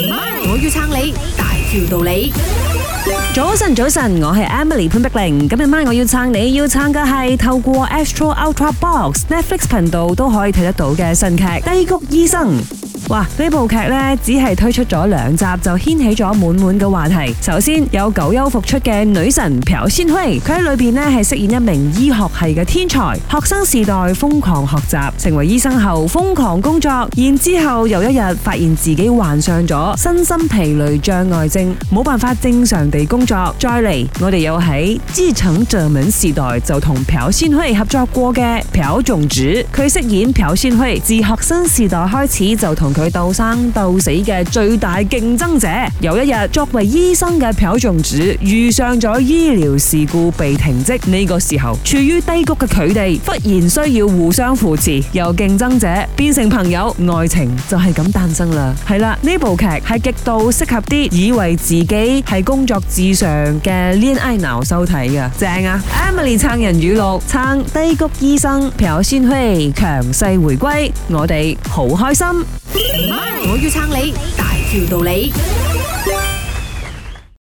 我要撐你，大條道理。早晨，早晨，我係 Emily 潘碧玲。今日晚我要撐你，要撐嘅係透過 Astro Ultra Box、Netflix 頻道都可以睇得到嘅新劇《低谷醫生》。哇！呢部劇呢只係推出咗兩集就掀起咗滿滿嘅話題。首先有久休復出嘅女神朴信惠，佢喺裏邊咧係飾演一名醫學系嘅天才，學生時代瘋狂學習，成為醫生後瘋狂工作。然之後又一日發現自己患上咗身心疲累障礙症，冇辦法正常地工作。再嚟我哋又喺《繼承者們》時代就同朴信惠合作過嘅朴重主》。佢飾演朴信惠自學生時代開始就同。佢鬥生鬥死嘅最大競爭者，有一日作為醫生嘅朴仲主遇上咗醫療事故被停職，呢個時候處於低谷嘅佢哋忽然需要互相扶持，由競爭者變成朋友，愛情就係咁誕生啦。係啦，呢部劇係極度適合啲以為自己係工作至上嘅戀愛腦收睇嘅，正啊！Emily 撐人語錄，撐低谷醫生朴先熙強勢回歸，我哋好開心。我要撐你，大條道理。